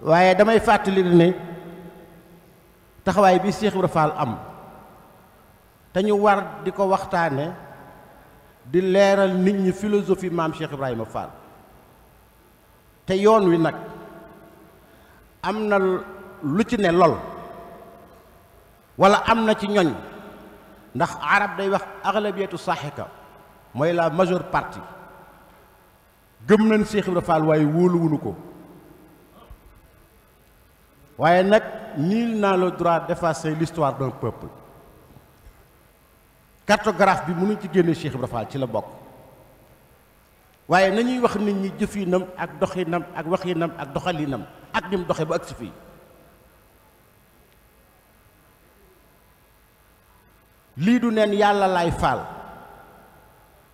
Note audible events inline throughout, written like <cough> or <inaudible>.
waaye damay fàttali ne taxawaay bi Cheikh Ibra am te ñu war di ko waxtaane di leeral nit ñi philosophie maam Cheikh Ibrahima Fall te yoon wi nag am na lu ci ne lol wala am na ci ñoñ ndax arab day wax aglabiatu ka mooy la majeure partie gëm nañ Cheikh Ibra Fall waaye wóoluwunu ko waaye nag nul n'a le droit d'effacer l'histoire d'un peuple cartographe bi mënuñ ci génne Cheikh Ibra Fall ci la bokk waaye nañuy wax nit ñi jëfinam ak doxinam ak waxinam ak doxalinam ak nim doxe ba agsi fii lii du neen yàlla lay faal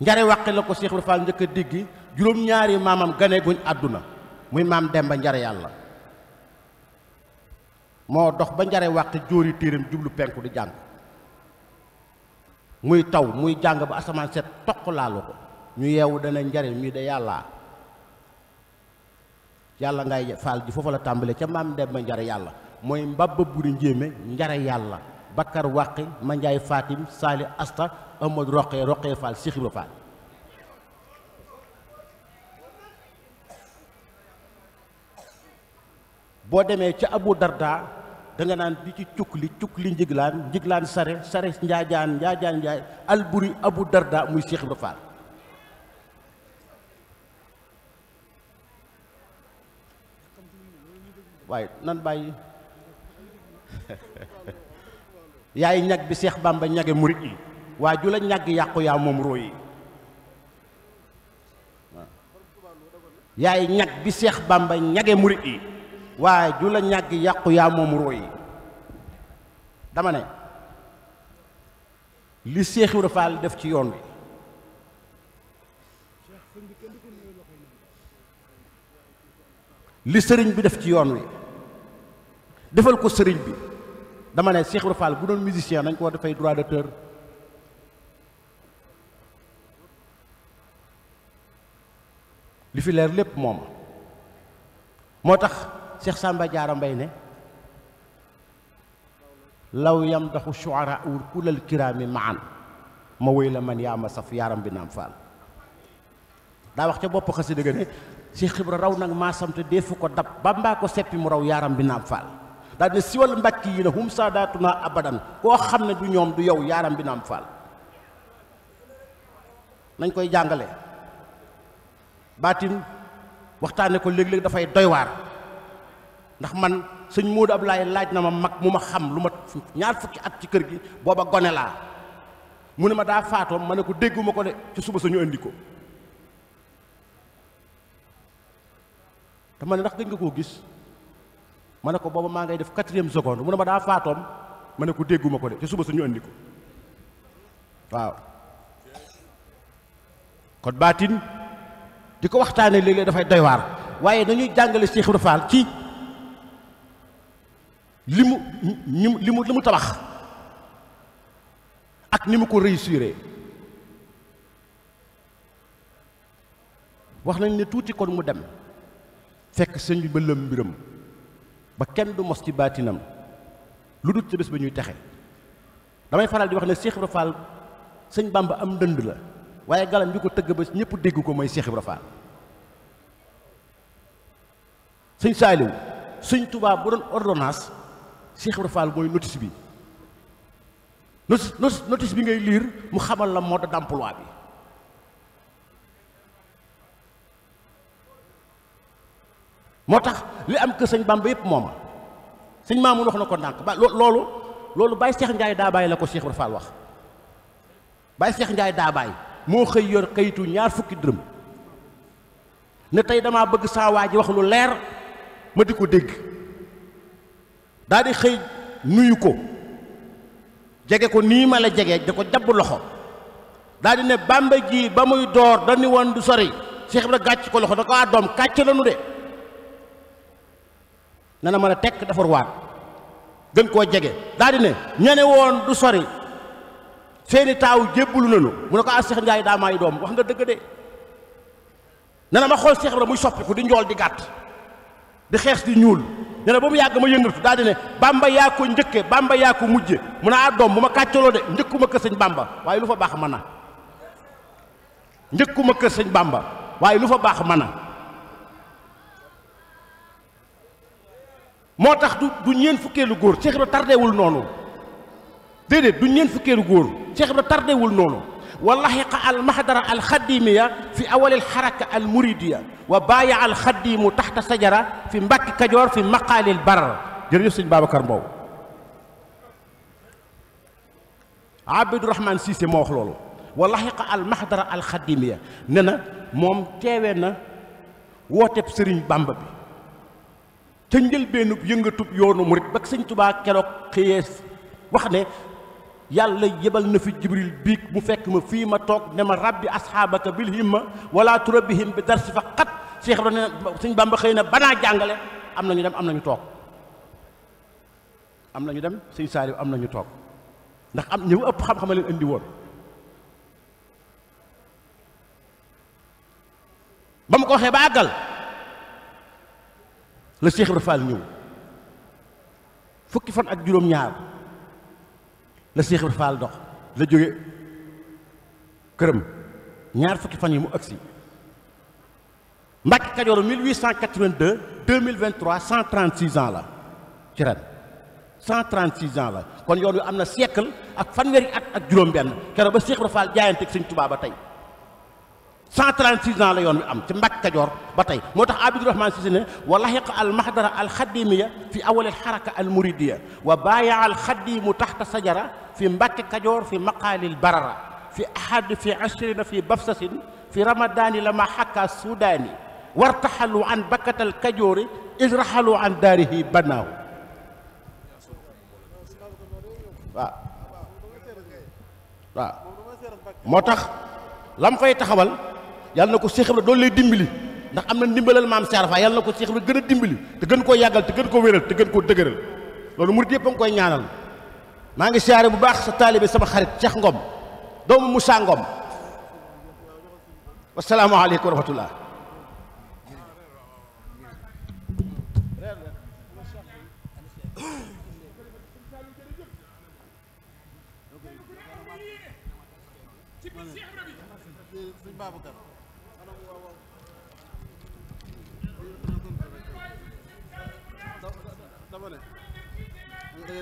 njare waqi la ko Cheikh Ibra Fall njëkk a diggi juróom-ñaari maamam gane àdduna muy maam dem Demba njare yàlla moo dox ba njare waxte jóori téeram jublu penku di jàng muy taw muy jàng ba asamaan set toq laalu ko ñu yeewu dana njare mii de yàlla yàlla ngay faal ji foofu la tàmbale ca maam dem ma njare yàlla mooy mbabba buri njéeme njare yàlla bakkar wàqi ma njaay fatim saali asta amad roqee roqee faal sixi ba faal boo demee ca Abu Darda danga naan di ci cukli cukli njiglaan njiglaan sare sare njaajaan njaajaan njaay alburi Abu Darda muy Cheikh Ibra Fall waaye nan bàyyi <laughs> yaay ñag bi Cheikh Bamba ñage murit yi waa ju la ñag yàqu yaa moom yi yaay ñag bi Cheikh Bamba ñage murit yi waaye ju la ñàgg yàqu yaa moom ruu yi dama ne li Seex Ibra Faal def ci yoon wi li sëriñ bi def ci yoon wi defal ko sëriñ bi dama ne Seex Ibra Faal bu doon musicien nañ ko defay dafay droit d'auteur li fi leer lépp moom moo tax Cheikh Samba Diarra Mbaye ne law yam daxu shuara ul kulal kiraami maan ma wéy la man yaa ma saf yaaram bi naam faal daa wax ca bopp xasida ga ne Cheikh Ibra raw nag maasam te deefu ko dab bambaa ko seppi mu raw yaaram bi naam faal daal ne siwal mbàkk yi ne hum saadaatuna abadan koo xam ne du ñoom du yow yaaram bi naam faal nañ koy jàngale baatin waxtaane ko léeg-léeg dafay doy ndax man sëñ Moodu laay laaj na ma mag mu ma xam lu ma ñaar fukki at ci kër gi booba gone laa mu ne ma daa faatoo ma ne ko dégguma ko de ci suba sañu indi ko te ma ne ndax gëj nga koo gis ma ne ko booba maa ngay def quatrième seconde mu ne ma daa faatoom ma ne ko dégguma ko de ci suba sañu indi ko waaw kon baatin di ko waxtaanee léeg-léeg dafay doy waaye nañuy jàngale Cheikh Ibra Fall ci li mu li mu li mu tabax ak ni mu ko réussir wax nañ ne tuuti kon mu dem fekk sëñ bi ba lëm mbiram ba kenn du mos ci baatinam lu dul ca bés ba ñuy texe damay faral di wax ne Cheikh Ibra Fall sëñ Bamba am ndënd la waaye galam bi ko tëgg ba ñëpp dégg ko mooy Cheikh Ibra sëñ Saaliw sëñ tubaab bu doon ordonnance Cheikh Ibra Fall mooy notice bi notice notice bi ngay liir mu xamal la mode d'emploi bi moo tax li am kër sëñ Bamba yëpp mooma sëñ Maamun wax na ko ndànk ba loolu loolu Baye Cheikh Ndiaye daa bàyyi la ko Cheikh Ibra wax Baye Cheikh Ndiaye daa bàyyi moo xëy yor kayitu ñaar fukki dërëm ne tey damaa bëgg saa waa ji wax lu leer ma di ko dégg daa di xëy nuyu ko jege ko nii ma la jege da ko jàpp loxo daa ne bàmba ji ba muy door dañu woon du sori Cheikh gàcc ko loxo da ko ah, doom kàcc la nu de nana mën a tekk dafar waat koo jege daa di ne ñane woon du sori seeni taaw jébbulu nanu mu ne ko ah Cheikh Ndiaye daa maay doom wax nga dëgg de nana ma xool Cheikh muy soppiku di njool di gàtt di xees di ñuul ne na ba mu yàgg ma yëngatu daal di ne bamba yaa ko njëkke bamba yaa ko mujje mu ne a ah, doom bu ma kàccaloo de njëkkuma kër sëñ bamba waaye lu fa baax mën na njëkkuma kër sëñ bamba waaye lu fa baax mën na moo tax du du ñeen fukkeelu góor Cheikh Ibra tardewul noonu déedéet du ñeen fukkeelu góor Cheikh Ibra tardewul noonu ولحق المحضر الخديمية في أول الحركة المريدية وبايع الخديم تحت شجرة في مبكي كجور في مقال البر jërëjëf sëñ Babacar Mbow Abdou Rahman Cissé moo wax loolu walaxiqa al mahdara al xadimiya ne na moom teewee na wooteb sëriñ Bamba bi ca njëlbeenub yëngatub yoonu murit ba sëñ Tubaa keroog xëyee wax ne yàlla yebal na fi jibril biig mu fekk ma fii ma toog ne ma rabbi asxaabaka bil himma wala turabbihim bi bi darsi fa xat Cheikh Ibra ne Sëñ Bamba xëy na banaa jàngale am na ñu dem am nañu toog am nañu dem Sëñ Saaliw am nañu toog ndax am ñëw ëpp xam-xam leen indi woon ba ma ko waxee ba àggal la Cheikh Ibra Fall ñëw fukki fan ak juróom-ñaar la Cheikh Ibra Fall dox la jóge këram ñaar fukki fan yi mu agsi Mbàkke Kajoor cent 2023 136 ans la ci ren 136 ans la kon yoon am na siècle ak fanweeri at ak ak juróom-benn keroog ba Cheikh Ibra Fall jaayanteeg Sëñ Tuubaa ba tey 136 ans la yoon wi am ci Mbàkke Kajoor ba tey moo tax Abdourahmane Cissé ne wa laxiqa al mahdara al xadimiya fi awal al xaraka al muridiya wa baaya al xadimu taxta sajara fi Mbàkke Kajoor fi maqaalil barara fi ahad fi ashrina fi bafsasin fi ramadaani lama xakka sudaani wartaxalu an bakkatal kajoori israxalu an daarihi bannaahu waaw waaw moo tax lam fay taxawal yàlla na ko Cheikh Ibra doon lay dimbali ndax am na ndimbalal maam Cheikh Ibra yàlla na ko Cheikh Ibra gën a dimbali te gën koo yàggal te gën koo wéral te gën koo dëgëral loolu murit yëpp a ngi koy ñaanal maa ngi siyaare bu baax sa taalibe sama xarit seex Ngom doomu Moussa Ngom wasalaamaaleykum wa rahmatullah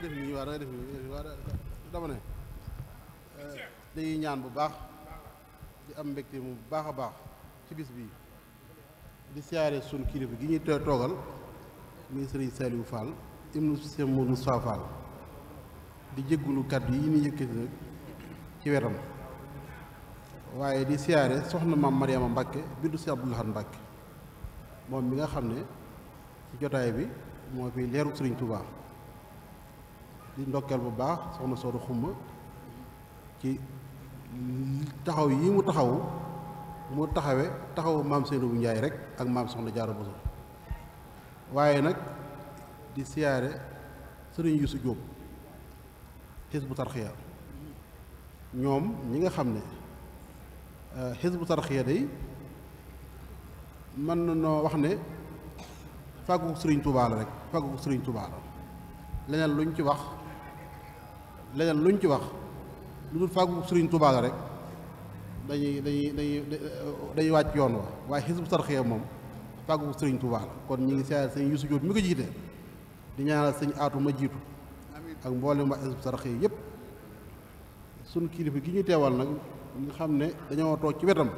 def nii waa da ngay def nii waa ñaan bu baax di am mbekke mu baax a baax ci bis bii di siyaare suñu kilifa gi ñuy toogal muy sëriñ Saliou Fall ibnu Sëriñ Mourou Moussa Fall di jéggulu kàddu yi ñu yëkkati nag ci wetam waaye di siyaare soxna maam Mariama Mbàkke bintu Sëriñ Abdou Lahad Mbàkke moom bi nga xam ne jotaay bi moo fi leeru sëriñ Touba. di ndokkeel bu baax soxna Soxna Xumba ci taxaw yi mu taxawu mu taxawe taxawu maam Seydou wu Njaay rek ak maam Soxna Jaara Buso waaye nag di siyaare sëriñ si Yusu Jóob bu Tarxiya ñoom ñi nga xam ne euh, bu Tarxiya day mën na noo wax ne fàggu sëriñ Tuubaa la rek fàggu sëriñ Tuubaa la leneen luñ ci wax leneen lu luñ ci wax lu dul fàggu sëriñ Tuubaa rek dañuy dañuy dañuy dañuy wàcc yoon wa waaye Hizbut Tarqiyyah moom fàggu sëriñ Tuubaa kon ñu ngi siyaare sëñ Yuusu Jóob mi ko jiite di ñaanal sëñ Aatu ma jiitu ak mboolem waa Hizbut Tarqiyyah yépp suñ kilifa gi ñu teewal nag ñu xam ne dañoo toog ci wetam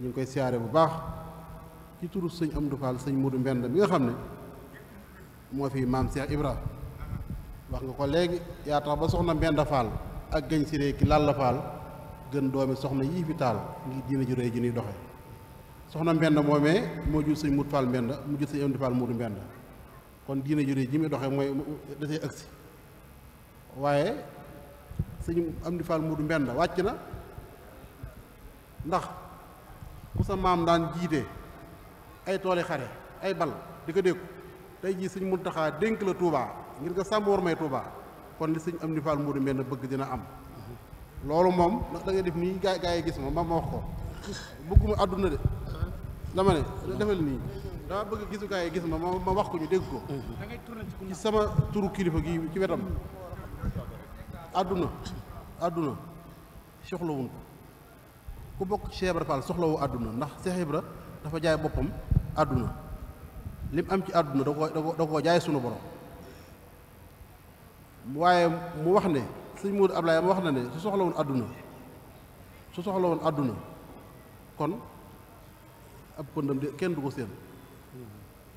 ñu ngi koy siyaare bu baax ci turu sëñ Amdu Fall sëñ mutu Mbend mi nga xam ne moo fi maam Cheikh Ibra wax nga ko léegi yaa tax ba soxna Mbenda Fall ak gën sirée ki Lalla Fall gën doomi soxna yii fi taal ngir diina ju réy ji ñuy doxe soxna Mbenda moomee moo jur sëñ Mut Fall Mbenda mu jur sëñ Amdi Fall kon diina ju ji muy doxe mooy dasee agsi waaye sëñ Amdi Fall Mudu Mbenda wàcc na ndax ku sa maam daan jiite ay tooli xare ay bal di ko dégg tey jii sëñ taxaa dénk la Tuubaa ngir nga sàmm war may Touba kon li sëñ am ni Fall Mourou Mbène bëgg dina am loolu moom ndax da def nii gaa gaa yi gis ma ma ma wax ko àdduna de dama ne defal nii dama bëgg wax ko ñu dégg ko ci sama turu kilifa gi ci wetam àdduna àdduna soxlawuñ ko ku bokk Cheikh Ibra Fall soxlawu àdduna ndax Cheikh dafa jaay boppam àdduna lim am ci àdduna da ko da ko jaay sunu borom waaye mu wax ne sëñ Moodu Ablaye mu wax na ne su soxla woon àdduna su soxla woon àdduna kon ab pëndam de kenn du ko séen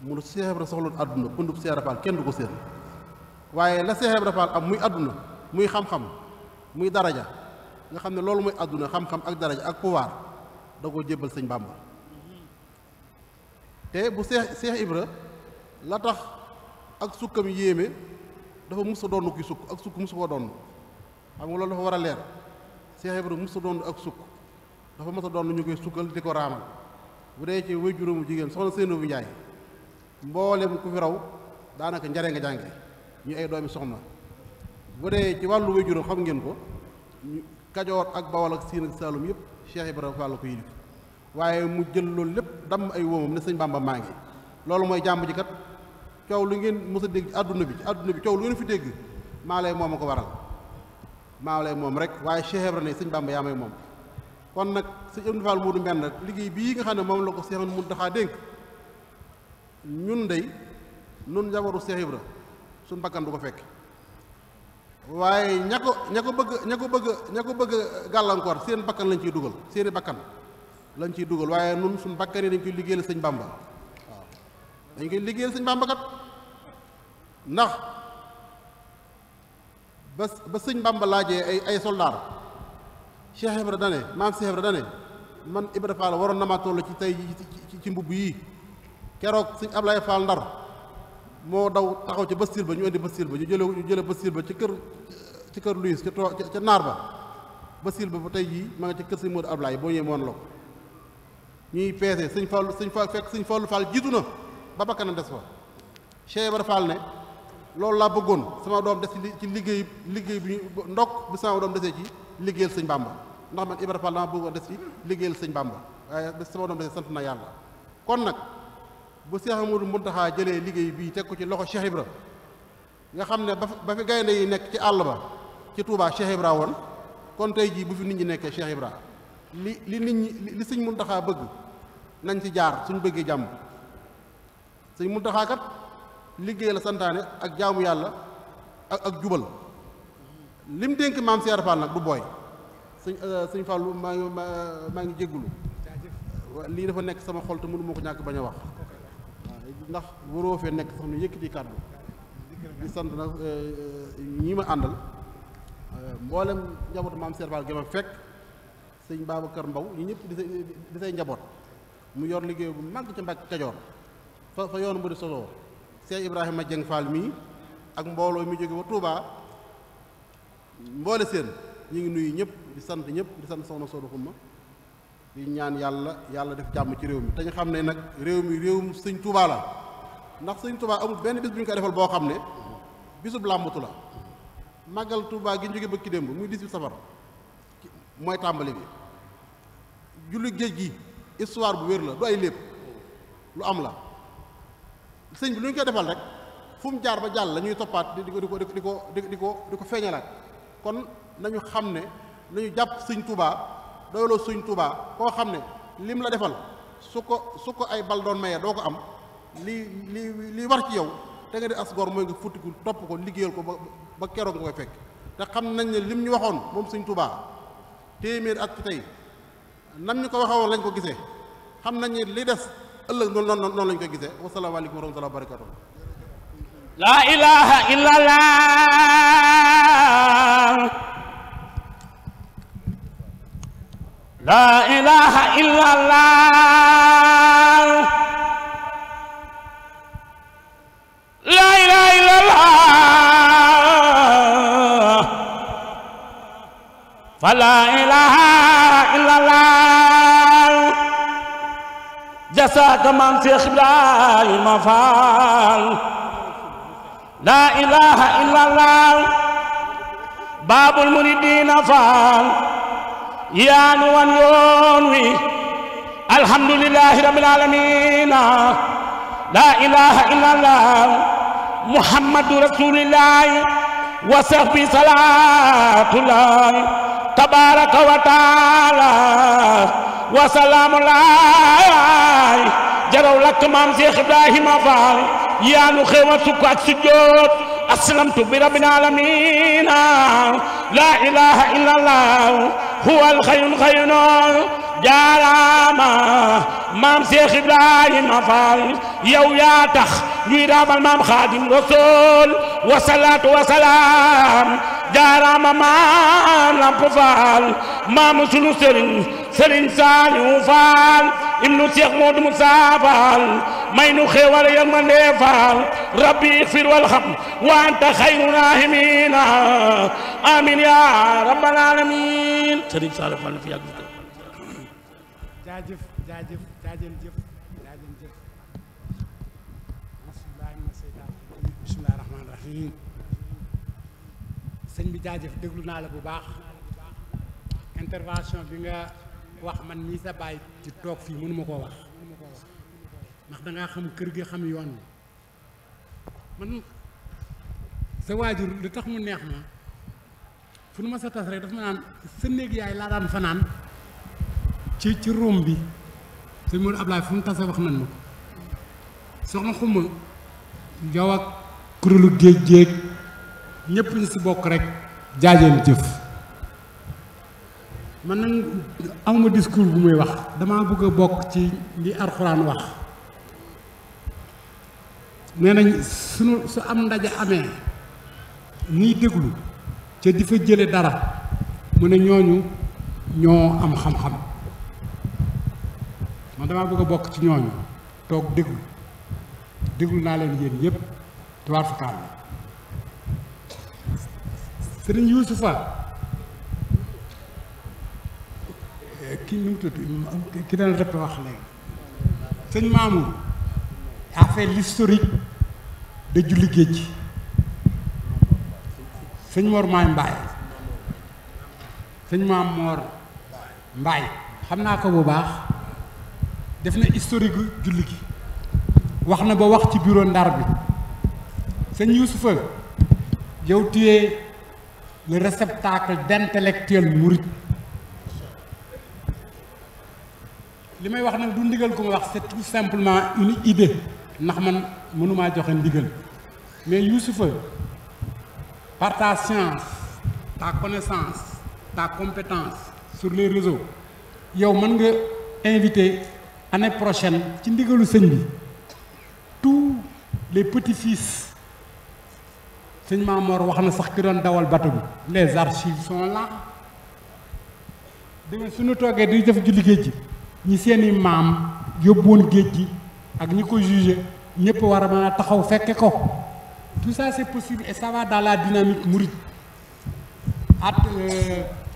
mu ne Seex Ibra soxla woon àdduna pëndub Seex kenn du ko séen waaye la Seex Ibra Faal am muy àdduna muy xam-xam muy daraja nga xam ne loolu mooy àdduna xam-xam ak daraja ak pouvoir da koo jébbal sëñ Bàmba te bu Seex Seex Ibra la tax ak sukkam yéeme dafa mus a doon kuy sukk ak sukk mus koo doon xam nga loolu dafa war a leer Seex Ibra mus a doon ak sukk dafa mas a doon ñu koy sukkal di ko raamal bu dee ci wéy juróomu jigéen soxna Seynabou Njaay mboolem ku raw daanaka njare nga jànge ñu ay doomi soxna bu dee ci wàllu wéy juróom xam ngeen ko Kajoor ak Bawol ak Siin ak Saalum yëpp Cheikh Ibrahima Fall ko yilif waaye mu jël loolu lépp damm ay wóomam ne sëñ Bàmba maa ngi loolu mooy jàmb ji kat coow lu ngeen mës a dégg àdduna bi ci àdduna bi coow lu ngeen fi dégg maa lay moom a ko waral maa lay moom rek waaye Cheikh Ibra ne sëñ Bàmba yaa may moom kon nag sëñ Abdou Fall Moodu Mbend liggéey bii nga xam ne moom la ko Cheikh Mountakha dénk ñun day nun njabootu Cheikh Ibra suñ bakkan du ko fekk waaye ña ko ña ko bëgg ña ko bëgg ko bëgg gàllankoor seen bakkan lañ ciy dugal seeni bakkan lañ ciy dugal waaye nun suñ bakkan yi dañ koy liggéeyal sëñ Bàmba waaw dañ koy liggéeyal sëñ Bàmba ndax ba ba sëñ Bàmba laajee ay ay soldaar Cheikh Ibra dane maam Cheikh Ibra man Ibra waroon na maa toll ci tey ci ci mbubb yi keroog sëñ Ablaye Fall moo daw taxaw ca Basiir ba ñu indi Basiir ba ñu jële ñu jële Basiir ci kër ci kër Louis ca ca naar ba Basiir ba ba tey jii ma nga ca kër sëñ Modou Ablaye boo ñuy peese sëñ Fall sëñ Fall fekk sëñ Fallu jiitu na ba bakkanam des fa Cheikh Ibra Fall ne loolu laa bëggoon sama doom des ci liggéey liggéey bi ndokk bi sama doom desee ci liggéeyal sëñ Bàmba ndax man Ibra Fall dama bëggoon des ci liggéeyal sëñ Bàmba waaye sama doom desee sant na yàlla kon nag bu Cheikh Amadou Muntaxa jëlee liggéey bii teg ko ci loxo Cheikh Ibra nga xam ne ba fi gaynde yi nekk ci àll ba ci Touba Cheikh Ibra woon kon tey jii bu fi nit ñi nekkee Cheikh Ibra li li nit ñi li sëñ Muntaxa bëgg nañ ci jaar suñ bëggee jàmm sëñ liggéey la santaane ak jaamu yàlla ak ak jubal lim dénk maam Cheikh Fall nag du booy sëñ euh, sëñ Fallu maa ngi maa ngi jéggulu lii dafa nekk sama xol te mënu ko ñàkk bañ a wax ndax waroo fee nekk sax nu yëkkati kàddu di sant nag euh, euh, ñi ma àndal mboolem njabootu maam Cheikh Fall gi ma fekk sëñ Babacar Mbaw ñi ñëpp di say njaboot mu yor liggéey bu mag ca Mbàkke Kajoor fa fa yoonu mbëri sosoo Cheikh Ibrahima Dieng Fall mii ak mbooloo mi jóge ba Touba mboole seen ñu ngi nuyu ñëpp di sant ñëpp di sant soxna Soxna Xuma di ñaan yàlla yàlla def jàmm ci réew mi te xam ne nag réew mi réewum sëñ tuubaa la ndax sëñ Touba amul benn bis bu ñu ko defal boo xam ne bisub làmbatu la màggal Touba gi ñu jóge bëkki démb muy 18 safar mooy tàmbali bi julli géej gi histoire bu wér la du ay lépp lu am la. sëñ bi lu ñu koy defal rek fu mu jaar ba jàll la ñuy toppaat di ko di ko di ko di ko di ko feeñalaat kon nañu xam ne nañu jàpp sëñ Tuubaa doyloo sëñ Tuubaa koo xam ne lim la defal su ko su ko ay bal doon maye doo ko am li li lii war ci yow te nga di as gor mooy nga futtiku topp ko liggéeyal ko ba ba keroog nga koy fekk te xam nañ ne lim ñu waxoon moom sëñ Tuubaa téeméer at ci tey nam ñu ko waxee lañ ko gisee xam nañ ne li des. ëllëg noonu noonu noonu lañ koy gisee wasalaamaaleykum wa rahmatulah wa barakatuh laa ilaha illallah laa ilaha illallah laa ilaha illallah fa laa ilaha illallah jasaaka maam Seex Ibrahima Faal laa ilaaha illallah baabul muridiina faal yaa nu wan yoon wi alhamdulillaahi rabbil aalamiin laa ilaaha illallah muhammadu rasuulillaahi wa sahbi salaatullaahi tabaaraka wa taala wasalaamu laay jaraw lakk maam Seex Ibrahima Faal yaanu xéewal sukk ak sujjoot aslamtu bi rabbil aalamiina laa ilaaha illallah huwal xayyul qayyuum jaaraama maam Seex Ibrahima Faal yow yaa tax ñuy raamal maam Xaadim Rasuul wasalaatu wasalaam jaaraama maam Lamp Faal maam sunu sëriñ Serigne Saliou Fall ibnu Cheikh Modou Moussa Fall may nu xéewal ya ma ndee Fall rabbi fir wal xam wa anta xayru raahimiina amin ya rabbal alamin Serigne Saliou Fall fi yàgg jaajëf jaajëf jaajëf jëf jaajëf jëf bismillahi rahmaani rahiim sëñ bi jaajëf déglu naa la bu baax intervention bi nga wax man mii sa baay ci toog fii mënu ma koo wax ndax dangaa xam kër gi xam yoon man sa waajur li tax mu neex ma fu nu ma sa tas rek dafa ma naan sa néeg yaay laa daan fanaan ci ci room bi sëñ Modou Ablaye fu mu tase wax nan ma ko soxna xuma jow ak kuréelu géej géej ñépp ñu si bokk rek jaajeen jëf man nag amuma discours bu muy wax damaa bëgg a bokk ci li alxuraan wax nee nañ sunu su am ndaje amee ñiy déglu ca di fa jële dara mu ne ñooñu ñoo am xam-xam man damaa bëgg a bokk ci ñooñu toog déglu déglu naa leen yéen yépp tubaar fukaan la sëriñ Yuusufa ki nu mu wax léegi sëñ Maamu a fait l'historique de julli géej sëñ Mor Maay Mbaay sëñ Maam Mor Mbaay xam naa ko bu baax def na historique julli gi wax na ba wax ci bureau ndar bi sëñ Yuusufa yow tu es le réceptacle d'intellectuel mouride li may wax nag du ndigal gu ma wax c'est tout simplement une idée ndax man mënumaa joxe ndigal mais Youssoupha par ta science ta connaissance ta compétence sur les réseaux yow mën nga invité année prochaine ci ndigalu sëñ bi tous les petits-fils sëñ Maamoor wax na sax ki doon dawal bato bi les archives sont là dégg suñu toogee di jëf ju liggéey ji ñi seeni maam yóbboon géej gi ak ñi ko jugé ñëpp war a mën taxaw fekke ko tout ça c'est possible et ça va dans la dynamique mouride at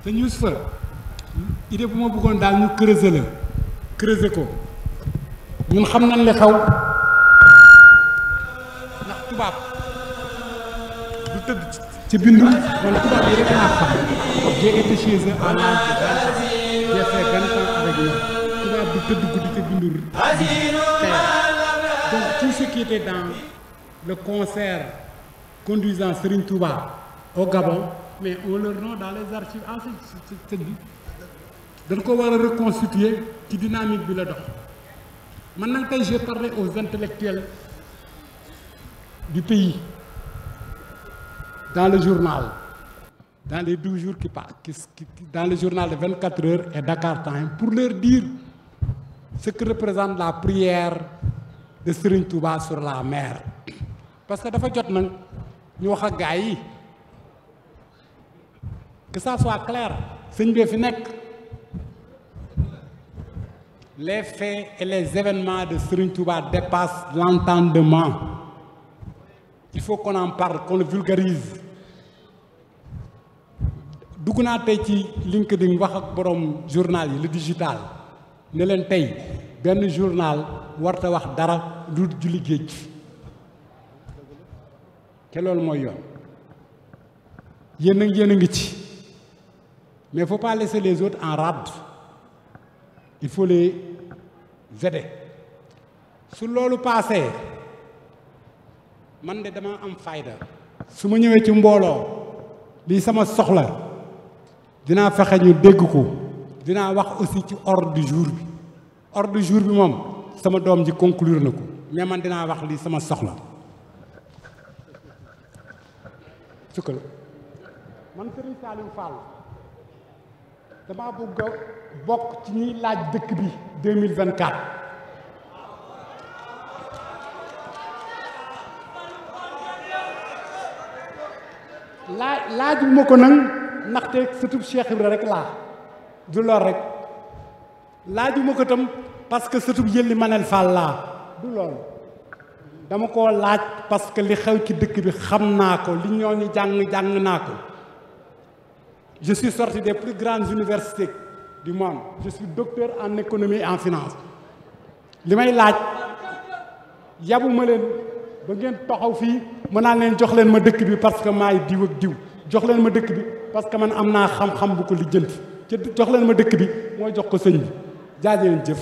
sëñ euh, Youssoupha idée bu ma bëggoon daal ñu creuser la creuser ko ñun xam nañ li xaw ndax tubaab du tëdd ci bindu man tubaab yi rek laa xam j'ai été chez eux en tëdd guddi te bindul donc tout ce qui était dans le concert conduisant Serigne Touba au Gabon mais on le rend dans les archives ah c'est c'est bi dañ ko war a reconstituer ci dynamique bi la dox man nag tey j'ai parlé aux intellectuels du pays dans le journal dans les douze jours qui passent qui dans le journal de 24 heures et Dakar Time pour leur dire ce que représente la prière de Serigne Touba sur la mer parce que dafa jot nag ñu wax ak gaa yi que ça soit clair sëñ bi fi nekk les faits et les événements de Serigne Touba dépassent l'entendement il faut que en parle qu'on le vulgarise dugg naa tey ci LinkedIn wax ak borom journal yi le digital ne leen tey benn journal warte wax dara lu julli géej te loolu mooy yoon yéen a yéen a ngi ci mais faut pas laisser les autres en rade il faut les aider su loolu paasee man de dama am fayda su ma ñëwee ci mbooloo lii sama soxla dinaa fexe ñu dégg ko dinaa wax aussi ci ordre du jour bi ordre du jour bi moom sama doom ji conclure na ko mais man dinaa wax li sama soxla sukkal man Serigne Saliou Fall damaa bëgg a bokk ci ñuy laaj dëkk bi 2024 laaj laaj bu ma ko nang ndaxte sëtub Cheikh Ibra rek laa du lool rek laajuma ko tam parce que sëtub yëlli manel Fall laa du loolu dama koo laaj parce que li xew ci dëkk bi xam naa ko li ñoo ñu jàng jàng naa ko je suis sorti des plus grandes universités du monde je suis docteur en économie en finance li may laaj yabuma leen ba ngeen taxaw fii mën naa leen jox leen ma dëkk bi parce que maay diw ak diw jox leen ma dëkk bi parce que man am naa xam-xam bu ko lijjanti ci jox leen ma dëkk bi mooy jox ko sëñ bi jëf